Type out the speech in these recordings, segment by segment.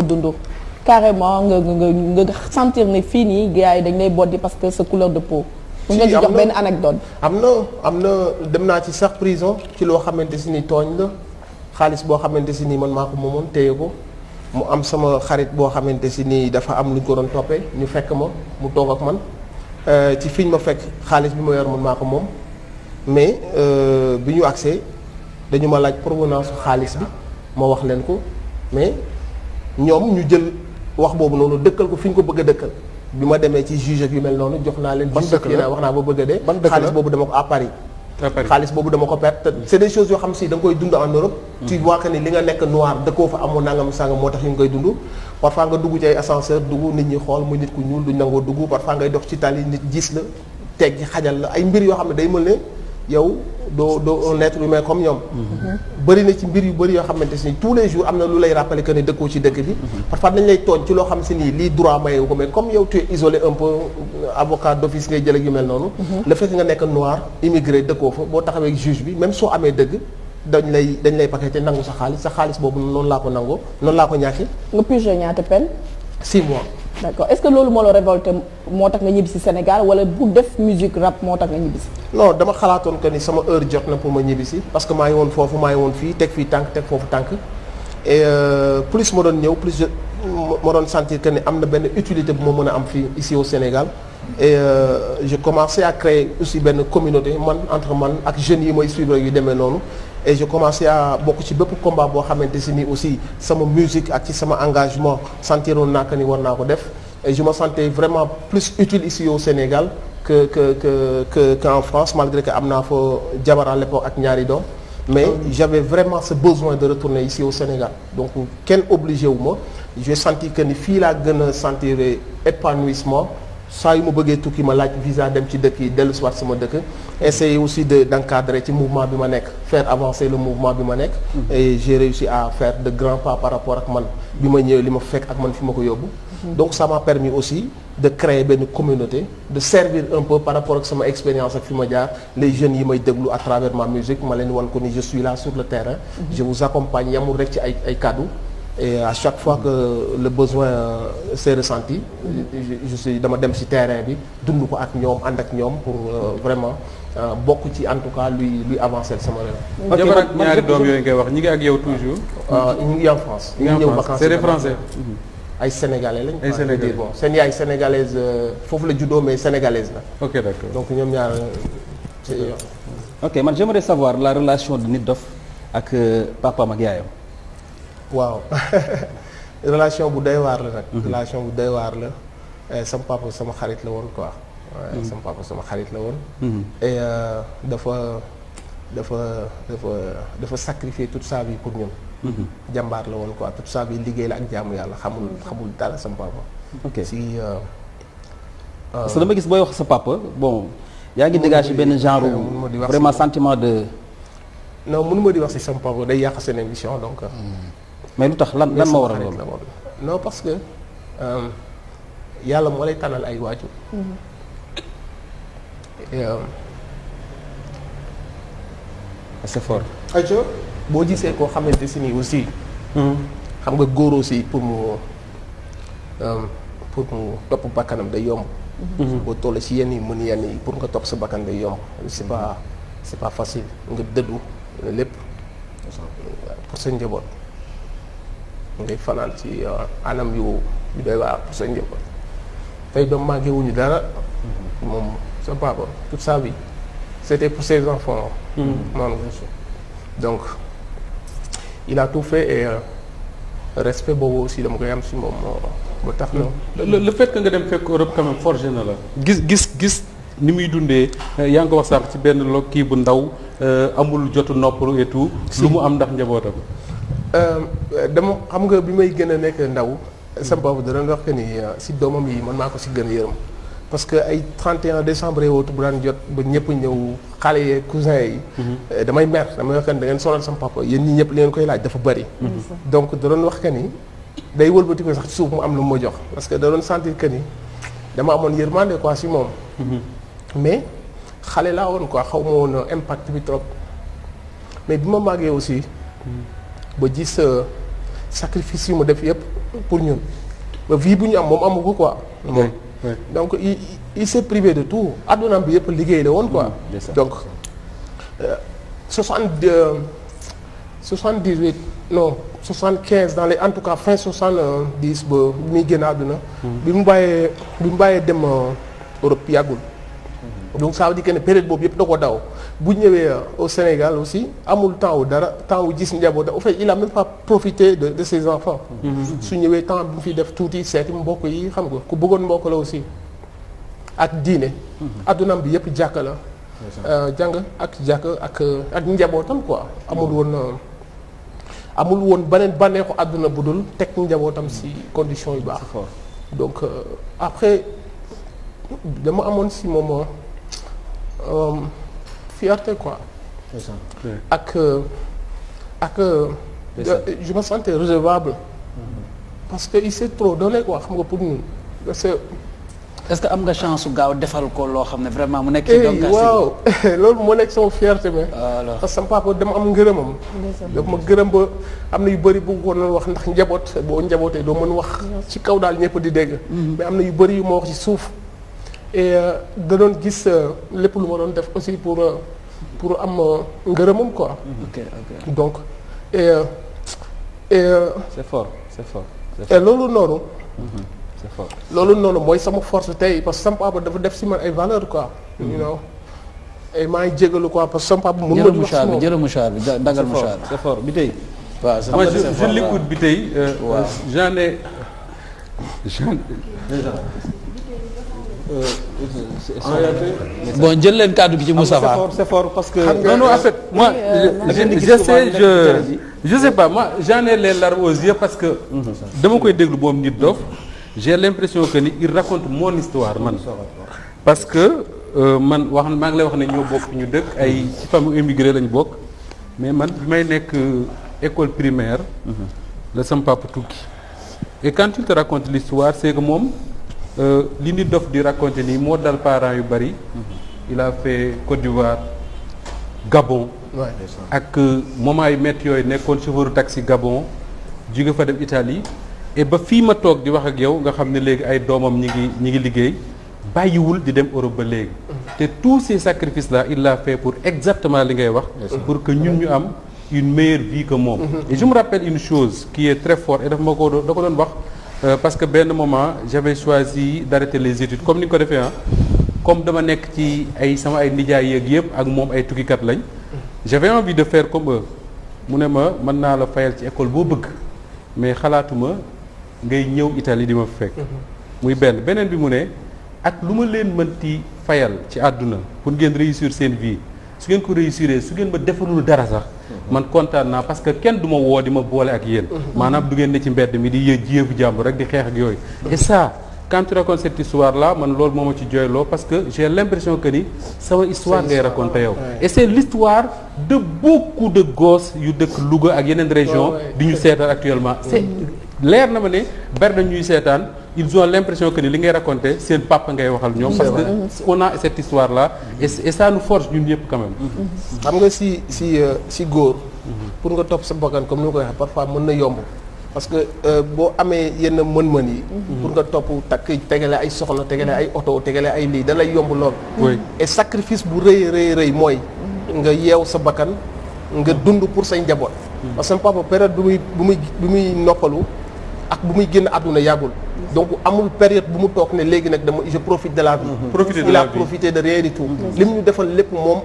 dund carrément nga nga nga nga sentir ne fii nii gars yi dañ lay boddi parce que sa couleur de peau. ci nga jox benn anecdote. am na am na dem naa ci sax prison ci loo xamante si ni tooñ la xaalis boo xamante si ni man maa ko moomoon téye ko mu am sama xarit boo xamante si ni dafa am luñ ko doon toppee ñu fekk ma mu toog ak man euh, ci fiñ ma fekk xaalis bi ma yor man maa ko moom mais euh, bi ñu agsee dañu ma laaj provenance xaalis bi ma wax leen ko mais. ñoom ñu jël wax boobu noonu dëkkal ko fi ñu ko bëgg a dëkkal bi ma demee ci juge yi mel noonu jox naa leen justifié naa wax naa ba bëgg a dee xaalis boobu dama ko à Paris xaalis boobu dama ko perte mm. c'est des choses yoo xam si da nga koy dund en Europe mm. tu vois que ni li nga nekk noir dëkkoo fa amoon nangam sàngam moo tax ñu ngi koy dund parfois nga dugg ci ay ascenseur dugg nit ñi xool muy nit ku ñuul duñ nangoo dugg parfois ngay dox ci tali nit gis la teggi xajal la ay mbir yoo xam ne day mel ne yow doo doo un être humain comme ñoom. Mm-hmm. bëri na ci mbir yu bëri yoo xamante si tous les jours am na lu lay rappeler que ne dëkkoo ci dëkk bi. Mm-hmm. parfois dañ lay tooñ ci loo xam si nii lii droit mayewu ko mais comme yow tu es isolé un peu euh, avocat d'office ngay jël ak mel noonu. Mm-hmm. le fait nga nekk noir immigré dëkkoo fa boo taxawee juge bi même soo amee dëgg. dañ lay dañ lay paqueté nangu sa xaalis sa xaalis boobu noonu laa ko nangoo noonu laa ko ñàkki. nga purgé mois. d' accord est ce que loolu moo la révolté moo tax nga ñibbi si Sénégal wala bu def musique rap moo tax nga ñibbi si. dama xalaatoon que ni sama heure jot na pour ma ñibbisi parce que maa ngi woon foofu maa ngi woon fii teg fii tànk teg foofu tànk euh, plus ma doon ñëw plus ma doon sentir que ni am na benn utilité bu ma mën a am fii ici au Sénégal. et euh, j'ai commencé à créer aussi benn communauté man entre man ak jeunes yi mooy suivre yu demee noonu et j'ai commencé à bokk ci bépp combat boo xamante si ni aussi sama musique ak ci sama engagement sentiroon naa ko ni war naa ko def et je me vraiment plus utile ici au Sénégal que que que que qu'en France malgré que am naa fa jabar à l'époque ak ñaari doom mais oh. j'avais vraiment ce besoin de retourner ici au Sénégal donc kenn obligé wu ma je senti que ni fii laa gën a sentir épanouissement saa yu ma bëggee tukki ma laaj visa dem ci dëkk yi dellu si waat sama dëkk essayer aussi de d'encadrer ci mouvement bi ma nekk faire avancer le mouvement bi ma nekk mm-hmm. et j'ai réussi à faire de grands pas par rapport ak man bi ma ñëwee li ma fekk ak man fi ma ko yóbbu mm-hmm. donc sama m'a permis aussi de créer benn communauté de servir un peu par rapport ak sama expérience ak fi ma jaar les jeunes yi may déglu à travers ma musique ma leen wan ko ni je suis sur le terrain mm-hmm. je vous accompagne rek ci ay ay et à chaque fois que le besoin euh, s'est ressenti je suis dama dem ci terrain bi dund ko ak ñoom ànd ak ñoom pour euh, vraiment euh, bokk ci en tout cas luy luy avancer sama réew. ñaari doom yooyu ngay wax ñi ngi ak yow toujours. ñu ngi en France. ñu ngi ñëw vacances c'est des ay sénégalais lañ. ay sénégalais bon seen yaay sénégalaise foofu la juddoo mais sénégalaise la. ok d'accord donc ñoom ñaar c'est ok man j'aimerais savoir la relation di Nit Doff ak papaam ak yaayam. waaw relation bu doy waar la nag. Mhm. bu doy waar la eh, sama papa sama xarit la woon quoi. Mhm. sama sama xarit la woon. Mhm. et euh, dafa dafa dafa dafa sacrifier toute sa vie pour ñun. jàmbaar la woon quoi toute sa yi liggéey la ak jaamu yàlla xamul xamul dara sama si. sa euh, euh, dama gis booy wax sa papa bon. yaa ngi dégagé benn genre vraiment sentiment de. non mënu ma di wax si sama papa day yàq seen émission donc. Hmm. mais lu tax lan lan ma war a loolu non parce que euh, yàlla moo lay tànnal ay waajur euh, ah, c'est fort boo gisee koo xamante si nii aussi hmm. xam nga góor aussi pour mu euh, pour mu topp bakkanam day yomb hmm. boo toll si yenn yi mën yenn yi pour nga topp sa bakkan day yomb c'est pas c'est pas facile nga dëddu lépp pour sa njaboot mu ngi fanaan ci euh, anam yu yu doy waar pour sa njaboot tey doom manqué wuñu dara mm-hmm. moom sa papa toute sa vie c'était pour ses enfants mm-hmm. donc il a tout fait et euh, respect boobu aussi dama koy am si moom moo tax na mm-hmm. le fait que nga dem fekk Europe quand même na la gis gis gis ni muy dundee euh, yaa ngi wax sànq ci benn lo bu ndaw amul jotu noppalu et tout mu am ndax njabootam Euh, dama xam nga bi may gën a nekk ndaw. sama papa da doon wax que ni euh, si doomam yi man maa ko si gën a yërëm. parce que ay 31 décembre wootu bu daan jot ba ñëpp ñëw xale yee cousin yi. Mhm. Euh, damay mer damay wax que ni da ngeen sonal sama papa yéen ñi ñëpp li ngeen laaj dafa bëri. Mhm. donc da wax que ni day wëlbati ko sax ci suuf mu am lu ma jox. parce que da doon sentir que ni dama amoon yërmande quoi si moom. Mhm. mais xale laa woon quoi xaw ma woon impact bi trop mais bi ma màggee aussi. ba gis sacrifice yu ma def yëpp pour ñun ba vie bu ñu am moom amu ko quoi. moom donc i il s'est privé de tout addunaam bi yëpp liggéey la woon quoi. Mm, donc euh, soixante deux soixante dix huit non soixante quinze dans les en tout cas fin soixante dix ba bi muy génn àdduna. Mm. bi mu bàyyee bi mu bàyyee dem euh, Europe yàggul. Mm. donc ça veut dire que ne boobu yëpp da ko daw. bu ñëwee euh, au Sénégal aussi amul temps dara temps wu gis njaboot au fait de de ses mm-hmm. su ñëwee temps bu fi def tuuti seeti mbokk yi xam nga ku bëggoon mbokk la aussi ak diine. Mm-hmm. addunaam bi yëpp jàkk la. Euh, jàng ak jàkk ak euh, ak njabootam quoi. amul woon amul woon beneen bànneexu àdduna bu dul teg njabootam si condition yu baax. donc après dama amoon si moom. fierté quoi. c'est ça ak euh, ak. Euh, euh, je me sentais redevable. Mm-hmm. parce que il s'est trop donné quoi xam nga pour ñun c'est est-ce que am nga chance su gaaw defal ko loo xam ne vraiment mu nekk ci eh, donc loolu moo nekk sama fierté mais ah, parce que sama papa dama am ngërëmam daf ma gërëm ba am na yu bëri bu ko noonu wax ndax njaboot boo njabootee doo mën wax ci kaw daal ñëpp di dégg mm-hmm. mais am na yu bëri yu ma wax ci suuf et euh, da doon gis euh, lépp lu ma doon def aussi pour euh, pour am ngërëmam quoi. Mm-hmm. ok ok donc et et. et loolu noonu. Mm-hmm. c'est fort loolu noonu mooy sama force tey parce que sama papa dafa def si man ay valeur quoi. you mm-hmm. know maa ngi jégalu quoi parce que sama papa. mën na di wax si jëlal mouchoir bi jëlal mouchoir bi dangal mouchoir bi. bi tey. waaw c'est fort je je l'écoute bi tey. waaw j'en ai. en euh, ah, bon jël leen kàddu gi ci ah, Moustapha c'est fort c'est parce que. non non en fait moi euh, je sais je je sais pas moi j'en ai les larmes aux yeux parce que. dama koy déglu moom nit dof j'ai l'impression que ni il raconte mon histoire man. parce que euh, man wax maa ngi lay wax ne ñoo bokk ñu dëkk ay ci famille immigré lañ bokk mais man bi may nekk école primaire. Mhm. la sam papa tukki. et quand il te raconte l'histoire c'est moom. Euh, li nit dof di raconter nii moo dal parent yu bari. Mhm. il a fait Côte d'Ivoire Gabon. ak euh, moment yu métti yooyu nekkoon chauffeur taxi Gabon jóge fa dem Italie. et ba fii ma toog di wax ak yow nga xam ne léegi ay doomam ñi ngi ñi ngi liggéey bàyyiwul di dem Europe ba léegi. Mhm. te tous ces sacrifices là il l'a fait pour exactement li ngay wax. pour que ñun ñu am une meilleure vie que moom. Mhm. et je me rappelle une chose qui est très forte et daf ma ko da ko doon wax. Euh, parce que benn moment j'avais choisi d'arrêter les études comme ni ko defee ah comme dama nekk ci ay sama ay nijaay yeeg yëpp ak moom ay tukkikat lañ j'avais envie de faire comme eux mu ne ma mën naa la fayal ci école boo bëgg mais xalaatuma ngay ñëw Italie di ma fekk muy benn beneen bi mu ne ak lu ma leen mënti fayal ci àdduna pour ngeen réussir seen vie su ngeen ko réussir su ngeen ma defarul dara sax man kontaan naa parce que kenn du ma woo di ma boole ak yéen maanaam du ngeen ne ci mbedd mi di yë jéefu jàmbur rek di xeex ak yooyu et ça quand tu racontes cette histoire là man loolu moo ma ci jooyloo parce que j'ai l'impression que ni sama histoire ngay raconté yow et c'est l'histoire de beaucoup de gosses yu dëkk Louga ak yeneen région di ñu seetal actuellement c'est leer na ma ne bari na ñuy seetaan ils ont l'impression que ni li ngay raconté seen papa ngay waxal ñoom parce que on a cette histoire là et, et ça nous forge ñun ñëpp mm-hmm. xam nga si si euh, si góor pour nga topp sa bakkan comme ni nga ko waxee parfois mën na yomb parce que euh, boo amee yenn mën-mën yi mm-hmm. pour nga topp takk tegale ay soxla tegale ay oto tegale ay lii da lay yomb lool et sacrifice bu rëy rëy rëy mooy nga yeew sa bakkan nga dund pour say njaboot mm-hmm. parce que papa période bi muy bi muy bi muy noppalu ak bu muy génn àdduna yàggul donc amul période bu mu toog ne léegi nag dama je profite de la vie mm-hmm. profité de la vie li mu ñu defal lépp moom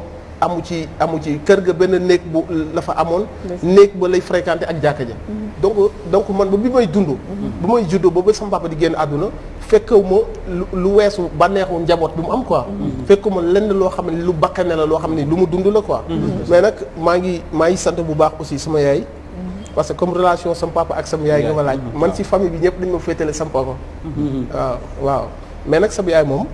amu ci amu ci kër ga benn néeg bu dafa amoon néeg ba lay fréquenté ak jàkka ja mm-hmm. donc donc man ba bi may dund mm-hmm. bu may juddoo ba ba sama papa di génn àdduna fekkew ma lu weesu bànneexu njaboot bi mu am quoi fekkew ma lenn loo xam ne lu ne la loo xam ne lu mu dund la quoi mais nag maa ngi maa ngi sant bu baax aussi sama yaay parce que comme relation sam papa ak sam yaay nga ma laaj mm-hmm. man ci famille bi ñëpp dañ ma féetale sam mm-hmm. waaw waaw mais nag sam yaay moom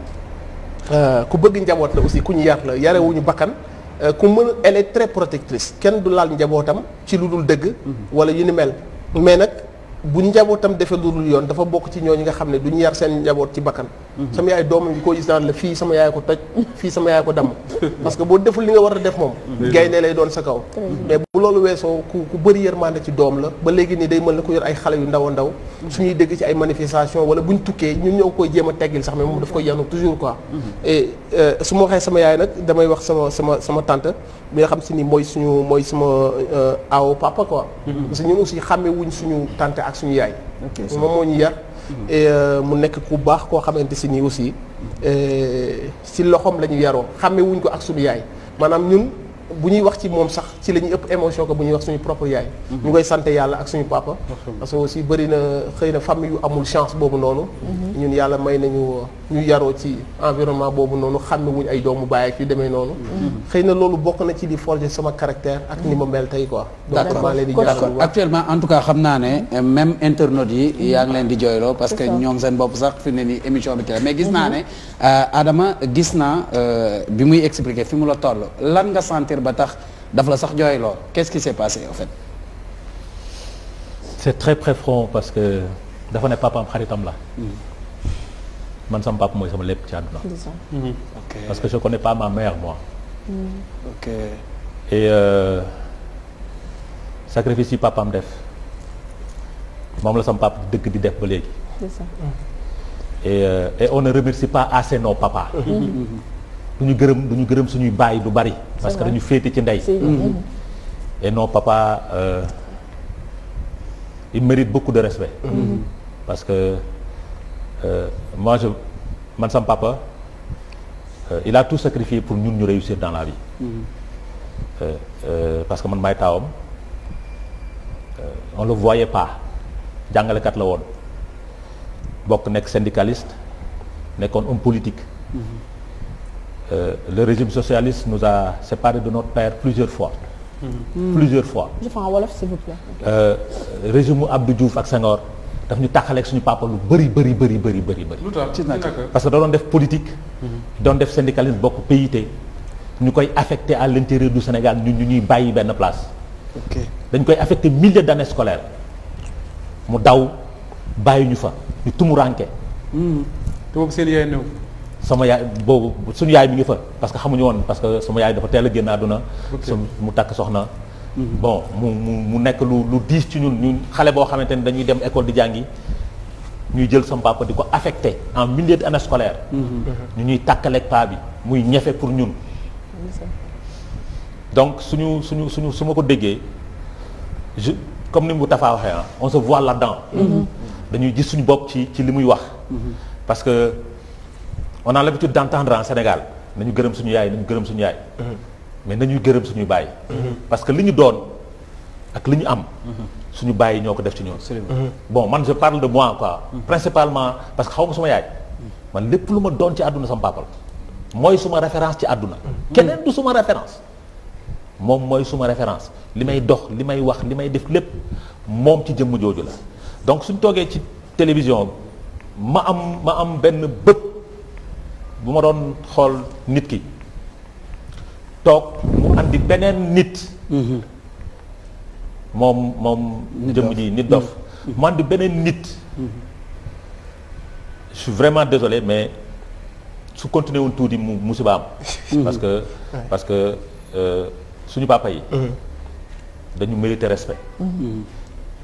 euh, ku bëgg njaboot la aussi ku ñu yar la yarewuñu bakkan euh, ku mën elle très protectrice kenn du laal njabootam ci lu dul dëgg mm-hmm. wala yu ni mel mais nag bu njabootam defee lu dul yoon dafa bokk ci ñooñu nga xam ne du ñu yar seen njaboot ci bakkan mhm. sama yaay doomam bi koo gis naan fii sama yaay ko toj fii sama parce que boo deful li nga war a def moom mhm. gaynde lay doon sa kaw weesoo ku ku bëri yërmande ci doom la ba léegi nii day mën na ko yor ay xale yu ndaw a ndaw suñuy dégg ci ay manifestation wala buñ tukkee ñun ñoo koy jéem a teggil sax mais moom daf koy yanu toujours quoi mhm. euh, su ma waxee sama yaay nag damay wax sama sama sama tante bi nga xam si ni mooy suñu mooy sama euh, aaw papa quoi parce que ñun aussi xàmme wuñ suñu tante ak suñu yaay. moom moo ñu yar. Mm-hmm. Euh, mu nekk ku baax koo xamante si nii aussi si loxoom la ñu yaroo xàmme wuñ ko ak suñu yaay maanaam ñun. bu ñuy wax ci moom sax ci la ñuy ëpp émotion ko bu ñuy wax suñu propre yaay. ñu koy sant yàlla ak suñu papa. parce que aussi bëri na xëy na famille yu amul chance boobu noonu. ñun yàlla may nañu ñu yaroo ci environnement boobu noonu xam ne wuñ ay doomu baay ak yu demee noonu. xëy na loolu bokk na ci di forger sama caractère ak ni ma mel tey quoi. d'accord donc maa leen di jaarale actuellement en tout cas xam naa ne eh, même internautes yi yaa ngi leen di jooyloo parce que ñoom seen bopp sax fi ne nii émission bi ci la mais gis mhm. naa ne euh, Adama gis naa euh, bi muy expliquer fi la toll ba tax daf la sax jooy lool qu'est-ce qui s'est passé en fait. c'est très très franc parce que dafa ne papaam xaritam la. Mm-hmm. man sama papa mooy sama lépp ci àdduna. Mm-hmm. parce que je connais pas ma mère mm. euh, def moom la sam papa dëgg di def ba léegi. c'est mm. ça. Euh, et on ne remercie pas assez nos mm-hmm. du ñu gërëm du ñu gërëm suñuy baay du bari. parce que dañu féete ci ndey mm-hmm. et non papa euh, mérite beaucoup de respect mm-hmm. Mm-hmm. parce que euh, je man sam papa euh, tout sacrifié pour ñun ñu réussir dans la vie euh, euh, parce que man maay taawam euh, on le voyait pas jàngalekat la woon bokk nekk syndicaliste nekkoon homme politique Euh, le régime socialiste nous a séparés de notre père plusieurs fois. Mmh. plusieurs fois. je fais en wolof s'il vous plaît. Euh, régime mu Abdou Diouf ak Senghor daf ñu tàqaleeg suñu papa lu bëri bëri bëri bëri bëri. lu tax parce que da doon def politique. Hmm. doon def syndicalisme bokk PIT. ñu koy affecté à l'intérieur du Sénégal ñu ñu ñuy bàyyi benn place. ok dañ koy affecté milliers d'années scolaires mu daw bàyyi ñu fa ñu tumuraanke. Hmm. te boobu sama yaay boobu suñu yaay mi ngi fa parce que xamuñu woon parce que sama yaay dafa teel a génn àdduna mu takk soxna mhm. bon mu mu mu nekk lu lu diis ci ñun ñu xale boo xamante ni dañuy dem école di jàngi ñuy jël sama papa di ko affecté en milieu d'année scolaire mhm. ñu ñuy tàkkaleeg paa bi muy ñefe pour ñun donc suñu suñu suñu su ma ko déggee je comme ni mu tafaa waxee ah on se voit là-dedans mhm. dañuy ji suñu bopp ci ci li muy wax parce on a l'habitude d'entendre en Sénégal nañu gërëm suñu yaay nañu gërëm suñu yaay mm-hmm. mais nañuy gërëm suñu bàyyi mm-hmm. parce que li ñu doon ak li ñu am mm-hmm. suñu bàyyi ñoo ko def ci ñoom bon man je parle de moi quoi principalement parce que xaw ma suma yaay man lépp lu ma doon ci àdduna sama papa mooy suma référence ci àdduna keneen du suma référence moom mooy suma référence li may dox li may wax li may def lépp moom ci jëmm jooju la donc suñ toogee ci télévision ma am ma am benn bët bu ma doon xool nit ki toog mu andi beneen nit mhm. moom moom jëmm ji nit dof mhm. mu andi beneen nit su mhm. suis vraiment désolé mais su continuer woon tuuti mu musiba parce que parce que euh, suñu papa yi dañu mérité respect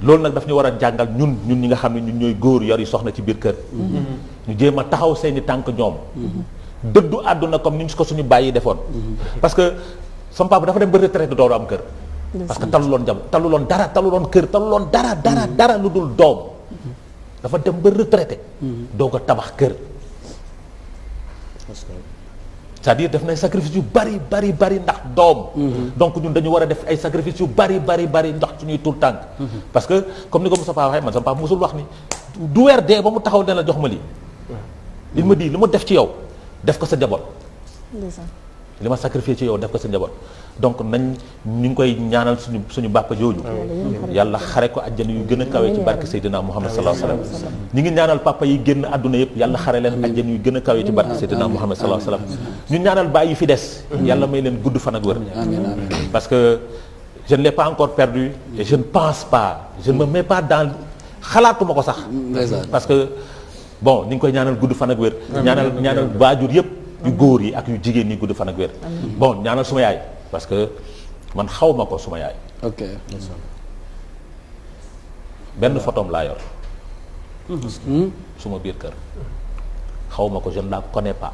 loolu nag daf ñu war a jàngal ñun ñun ñi nga xam ne ñun ñooy góor yor yu soxna ci biir kër ñu jéem a taxaw seeni tànk ñoom. dëddu àdduna comme ni ñu ko suñu bàyyi defoon. parce que sama papa dafa dem ba doo door am kër. parce que taluloon jam loon dara taluloon kër loon dara dara dara lu dul doom. dafa dem ba retraité. doog a tabax kër. cest à na ay sacrifice yu bari bari bari ndax doom. donc ñun dañu war a def ay sacrifice yu bari bari bari ndax suñuy tout tànk. parce que comme ni ko Moustapha waxee man sama papa mosul wax ni du weer dee ba mu taxaw ne jox ma lii. li ma di li ma def ci yow def ko sa njaboot. li ma sacrifié ci yow def ko sa njaboot donc nañ ñu ngi koy ñaanal suñu suñu bàppa jooju yàlla xare ko àjjana yu gën a kawe ci barke Seydina Muhammad sallallahu alayhi wa sallam ñu ngi ñaanal papa yi génn àdduna yëpp yàlla xare leen àjjana yu gën a kawe ci barke Seydina Muhammad sallallahu alayhi wa sallam ñu ñaanal baay yi fi des yàlla may leen gudd fan ak wër parce que jeune ne pas encore perdu et je ne pense pas je ne me xalaatuma ko sax parce bon ñu koy ñaanal gudd fan ak wér ñaanal ñaanal waajur yëpp yu góor yi ak yu jigéen ñi gudd fan ak wér bon ñaanal suma yaay parce que man xaw ma ko suma yaay ok benn photom laa yor hmm? suma biir kër xaw ko je ne connais pas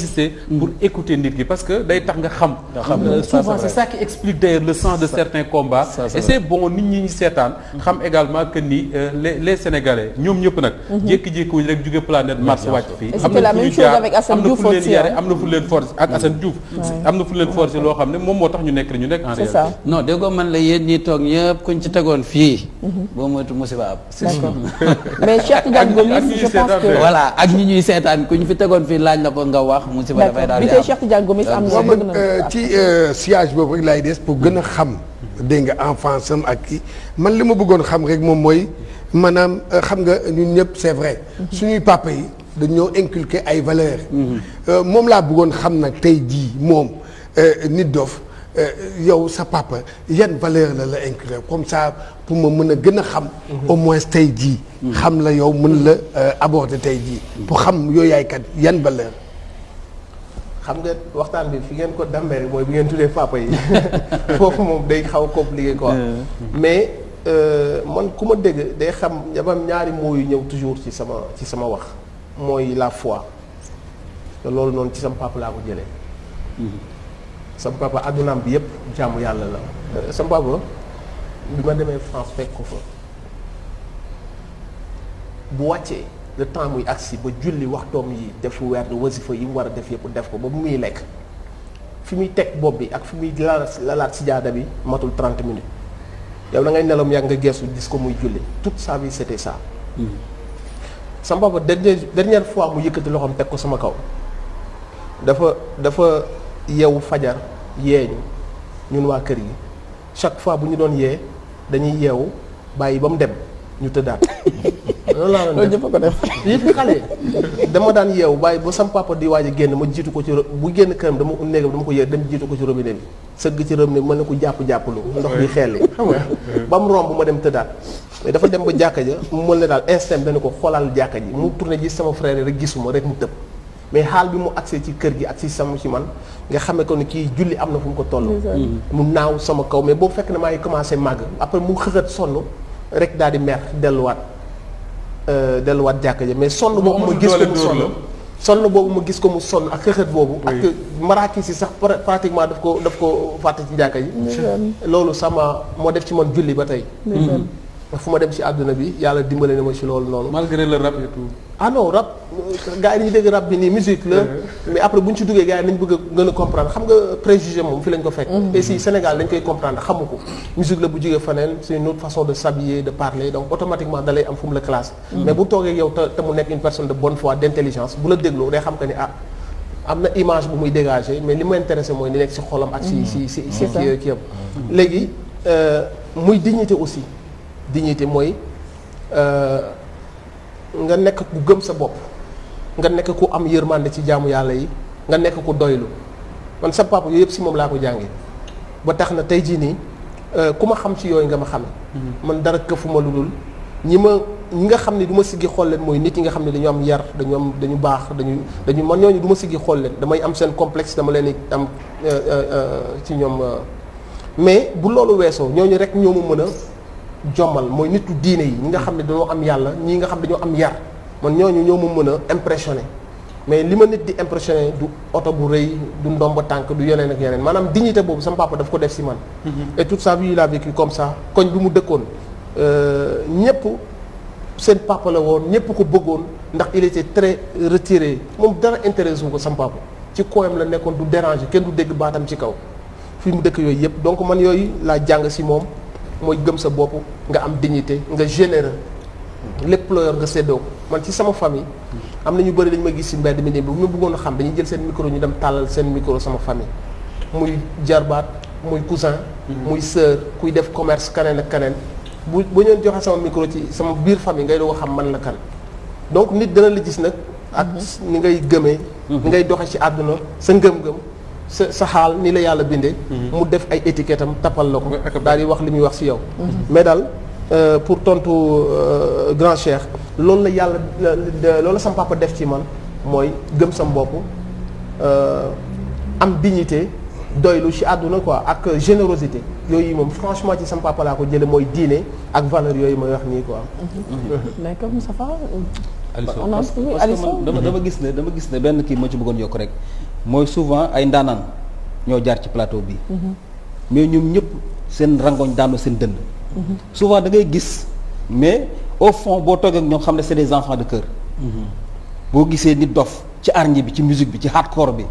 insister pour mm. écouter nit ki parce que day tax nga xam euh, souvent c'est ça qui explique d'ailleurs le bon nit ñi ñu seetaan mm. xam également que ni euh, les les ñoom ñëpp nag mm-hmm. jékki-jékki wuñ rek jóge planète Mars wàcc fii am na fu leen yare ak mm-hmm. Assane Diouf am na fu leen forcé loo xam ne moom moo tax ñu nekk ñu nekk en réalité non man la yéen ñi toog ñëpp kuñ ci tegoon fii mm-hmm. boo moytu musiba ab mais Cheikh Tidiane Gomis je pense que voilà ak ñi ñuy seetaan kuñ fi tegoon fii laaj musiba dafay daal di am Cheikh Tidiane Gomis am euh, na euh, ci euh, siège boobu rek laay des pour gën a xam dégg nga enfance am ak kii man li ma bëggoon xam rek moom mooy maanaam xam nga ñun ñëpp c'est vrai mhm. suñuy papa yi dañoo inculquer ay valeurs mhm. moom laa bëggoon xam nag tey jii moom nit dof yow sa papa yan valeur la la inculquer comme ça pour ma mën a gën a xam mhm. au moins tey jii xam la yow mën la aborder tey jii pour xam yooyu yaay kat yan valeur xam nga waxtaan bi fi ngeen ko dambee mooy bi ngeen tuddee papa yi foofu moom day xaw a ko quoi. Euh. mais euh, man ku ma dégg day xam yabam ñaari mots yu ñëw toujours ci sama ci sama wax mooy la fois te loolu noonu ci sama papa laa ko jëlee. Mm-hmm. sama papa addunaam bi yëpp jàmm yàlla la. Euh, sama papa bi ma demee France fekk ko fa bu wàccee. le temps muy agsi ba julli waxtoom yi def weer wasifa yi mu war a def yëpp def ko ba bu muy lekk fi muy teg bopp bi ak fi muy lalaat si jaada bi matul 30 minutes yow da ngay nelaw mu yàgg nga geesu gis ko muy julli toute sa vie c'était ça. Hmm. sama papa dernière fois mu yëkkati loxoom teg ko sama kaw dafa dafa yeewu fajar yee ñu ñun waa kër gi chaque fois bu ñu doon yee dañuy yeewu bàyyi ba mu dem ñu tëddaat. loolu laa doon def loolu ñëpp def. yëpp xale daan yeewu bàyyi ba sama papa di waaj a génn ma jiitu ko ci bu génn këram dama néegam dama ko yëg dem jiitu ko ci robinet sëgg ci robinet bi mën na ko jàpp jàppalu ndox bi xeeli xam nga ba mu romb ma dem tëddaat mais dafa dem ba jàkka ja mu mën na daal instant dana ko xoolal jàkka ji mu tourné ji sama frère rek gisuma rek mu tëb mais xaal bi mu agsee ci kër gi ak ci sama ci man nga xamee ko ni kii julli am na fu mu ko toll mm-hmm. mu naaw sama kaw mais boo fekk na maa ngi commencé màgg après mu xëxat sonn rek daal di mer delluwaat Euh, delluwaat jàkka ja mais sonn boobu ma gis ko mu sonn sonn boobu ma gis ko mu sonn ak xëxët boobu ak maraakis yi sax pratiquement daf ko daf ko fàtte ci jàkka yi loolu sama moo def ci man julli ba tey fu ma dem ci àdduna bi yàlla dimbale ne ma ci loolu loolu malgré le rab gars yi dañuy dégg rap bi nii musique la mais après bu ñu ci duggee gaa yi nañ bëgg a gën comprendre xam nga préjugé moom fi lañ ko fekk mm-hmm. et si Sénégal dañ koy comprendre xamu ko musique la bu jógee faneen c'est une autre façon de s'habiller de parler donc automatiquement da lay am fu mu la classé mm-hmm. mais bu toogee yow te te mu nekk une personne de bonne foi d'intelligence bu la dégloo day xam que ni ah am na image bu muy dégager mais li mu intéressé mooy li nekk ci xolam ak ci mm-hmm. ci ci ci ki euh, aussi dignité mooy euh, nga nekk ku gëm sa bopp nga nekk ku am yërmande ci jaamu yàlla yi nga nekk ko doylu man sa yooyu yëpp si moom laa ko jàngee ba tax na tey jii nii euh, ku ma xam ci yooyu nga xam mm-hmm. man dara këfuma lu dul ñi ma ñi nga xam ne du ma siggi xool leen mooy nit yi nga xam ne dañu am yar dañu am dañu baax dañu dañu man ñooñu du ma siggi xool leen damay am seen complexe dama leen am euh, euh, ci ñoom mais bu loolu weesoo ñooñu rek ñoo ma mën a jommal mooy nitu diine yi ñi nga xam ne dañoo am yàlla ñii nga xam dañoo am yar man ñooñu ñoo ma mën a impressionné mais li ma nit di impressionné du oto bu rëy du ndomb tànk du yeneen ak yeneen maanaam dignité boobu sama papa daf ko def si man. Mm-hmm. et toute sa vie il a vécu comme sa koñ bi mu dëkkoon euh, ñëpp seen papa la woon ñëpp ko bëggoon ndax il était très retiré moom dara intéressé wu ko sama ci kooyam la nekkoon du déranger kenn du dégg baatam ci kaw fi mu dëkk yooyu yëpp donc man yooyu laa jàng si moom mooy gëm sa bopp nga am dignité nga généreux lépp loo yor nga man ci sama famille am na ñu bëri dañu ma gis si mbedd mi ne bu ma bëggoon xam dañuy jël seen micro ñu dem tàllal seen micro sama famille muy jarbaat muy cousin mm-hmm. muy sœur kuy def commerce kaneen ak kaneen bu bu ñoon joxe sama micro ci sama biir famille ngay doo xam man la kan donc nit dana la gis nag ak mm-hmm. ni ngay gëme ni mm-hmm. ngay doxe ci àdduna sa ngëm-ngëm sa sa xaal ni la yàlla bindee mu def ay étiquette am tappal la ko daal di wax li muy wax si yow mais daal euh, pour tontu euh, grand loolu la yàlla loolu la sama def ci man mooy gëm sam bopp euh, am dignité doylu ci àdduna quoi ak générosité yooyu moom franchement ci sama papa laa ko jële mooy diine ak valeur yooyu mooy wax nii quoi. Mhm. mais comme Moustapha Alisson parce dama gis ne dama gis ne benn kii moo ci bëggoon yokk rek mooy souvent ay ndaanaan ñoo jaar ci plateau bi. Mhm. mais ñoom ñëpp seen rangoñ daanu seen dënd. Mhm. souvent da gis mais. au fond boo toogee ak ñoom xam ne c'est des enfants de cœur boo gisee nit dof ci arñi bi ci musique bi ci hardcore bi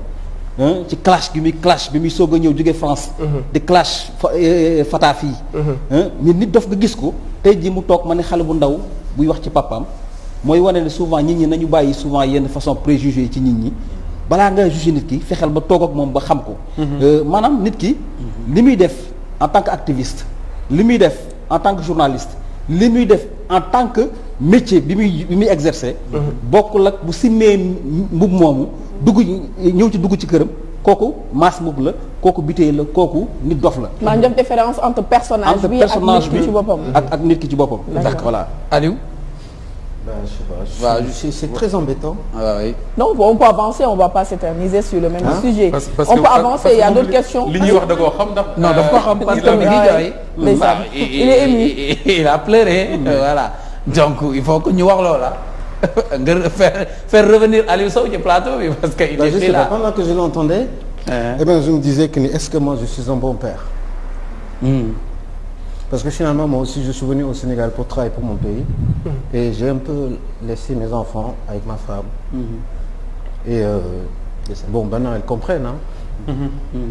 ci clash bi muy clash bi muy soog a ñëw jóge France mhm. di clash euh, euh, Fata fii mhm. mais nit dof nga gis ko tey jii mu toog ma ne xale bu ndaw buy wax ci papaam mooy wane ne souvent nit ñi nañu bàyyi souvent yenn façon préjugé ci nit ñi bala nga juger nit ki fexeel ba toog ak moom ba xam ko mhm. euh, maanaam nit ki li muy def en tant que activiste li muy def en tant que journaliste li muy def en tant que métier bi muy bi muy exercer. Mhm. ak bu simmee mbub moomu dugg ñëw ci dugg ci këram kooku masse mbub la kooku bitee la kooku nit dof la. maanaam ñoom différence entre personnage bi ak nit ki ci boppam. ak ak nit ci boppam. d'accord voilà Aliou. Ben, je sais pas. Je... c'est très embêtant. Ah non, on peut avancer, on va pas s'éterniser sur le même sujet. on peut avancer, il y a d'autres questions. li ñuy wax da koo xam il est ému. il a pleuré. Mm. voilà donc il faut que ñu wax loola. Ah. nga faire faire revenir Aliou Sow plateau parce que. il était là pendant que je l'entendais. eh bien je me disais que je suis un bon père. Hmm. Parce que finalement, moi aussi, je suis venu au Sénégal pour travailler pour mon pays. Mmh. Et j'ai un peu laissé mes enfants avec ma femme. Mmh. Et euh, bon, maintenant, elles comprennent. Hein? Mhm.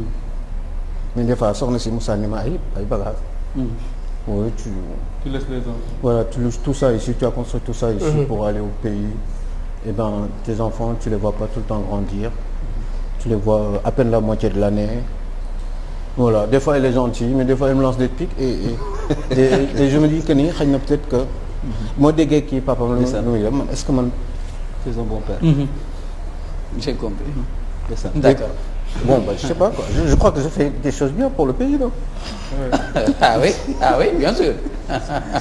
Mhm. soxna si Moussa ni ma ay ay bagages. Mhm. Oui, tu... tu laisses les enfants. Voilà, tu laisses tout ça ici, tu as construit tout ça ici pour aller au pays. Et eh ben tes enfants, tu les tout le temps grandir. Tu les vois la moitié de l'année. voilà des fois elle est gentille mais des fois elle me lance des pics et et, et, et je me dis que ni xëy na peut-être que. moo déggee kii papaam lu muy def man est-ce que man. c'est un bon père. Mhm. j'ai compris. Mhm. c'est ça Bon, bah, je sais pas quoi. Je, je, crois que je fais des choses bien pour le pays, non oui. ah oui, ah oui, bien sûr.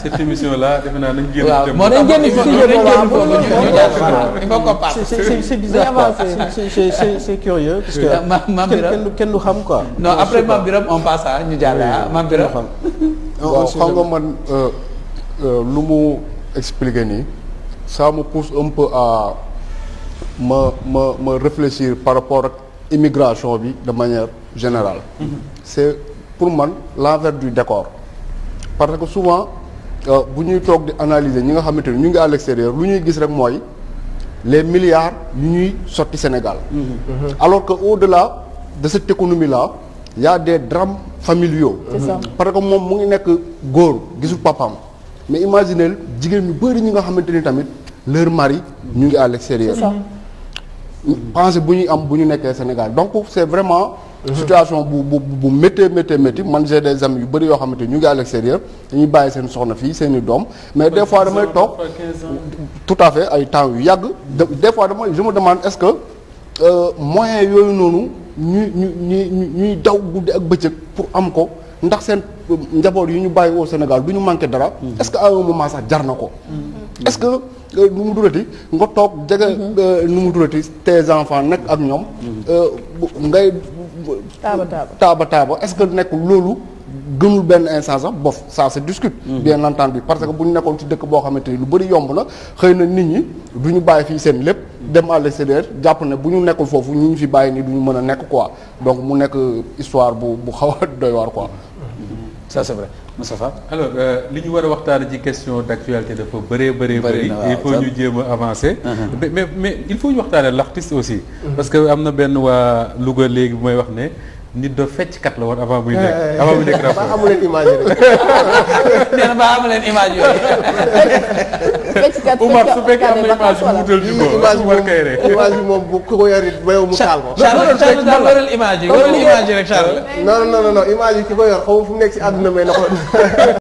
Cette émission-là, defe naa nañ génn. waaw moo dañ génn si sujet boobu c'est bizarre c'est curieux. parce que maam Biram kenn du xam quoi. non après maam Biram on passe à ñu jàll ah maam Biram. Euh, bon euh, xam nga man euh, lu mu expliquer nii ça me pousse un peu à ma ma ma réfléchir par rapport ak. immigration bi de manière générale. c'est pour man l'envers du décor. parce que souvent euh, bu ñuy toog di analyser ñi nga xamante ni ñu ngi à l'extérieur lu ñuy gis rek mooy les milliards yu ñuy sotti Sénégal. Mm-hmm. alors que au-delà de cette économie là il y a des drames familiaux. c'est parce que moom mu ngi nekk góor gisul papaam mais imaginez jigéen ñu bëri ñi nga xamante ni tamit leur mari ñu ngi à l'extérieur. C'est pensée bu ñuy am bu ñu nekkee Sénégal donc c' est vraiment. situation bu bu bu méttee méttee man j'ai des amis yu bëri yoo xamante ñu ngi à l'extérieur dañuy bàyyi seen soxna fii seeni doom. mais des fois damay toog tout à fait ay temps yu yàgg. des fois damay je me demande est-ce que euh, moyen yooyu noonu ñuy ñuy ñuy ñuy daw guddi ak bëccëg pour am ko. ndax seen njaboot yu ñu bàyyi au Sénégal du ñu manqué dara. Mhm. est-ce que à un moment sax jar na ko. Mhm. est-ce que euh, nu mu durati nga toog jege. Mhm. Euh, nu mu durati tes enfants nekk ak ñoom. Euh, ngay. taaba taaba taaba taaba est-ce que nekk loolu. gënul benn instant sax bof ça se discute bien entendu parce que bu ñu nekkoon ci dëkk boo xamante ni lu bëri yomb na xëy na nit ñi du ñu bàyyi fii seen lépp dem à l'extérieur jàpp ne bu ñu nekk foofu ñu ñu fi bàyyi ni du ñu mën a nekk quoi donc mu nekk histoire bu bu xaw a doy waar quoi. ça c'est vrai Moustapha euh, li ñu war a waxtaan ci question d'actualité dafa bëree bëree bëri il faut ñu jéem a avancer uh-huh. mais il faut ñu waxtaanee l'artiste aussi uh-huh. parce que am na benn waa Louga léegi bu may wax ne nit do fecckat la woon avant muy nekk eh, avant muy nekk rapport amu leen image yooyu fecckat Umar su fekkee am na image bu wutal ñu ko Umar kay rek image bi moom bu ko yor it bayow mu taal ko Charles Charles daal yi ki ko yor xaw fu mu nekk si àdduna may na ko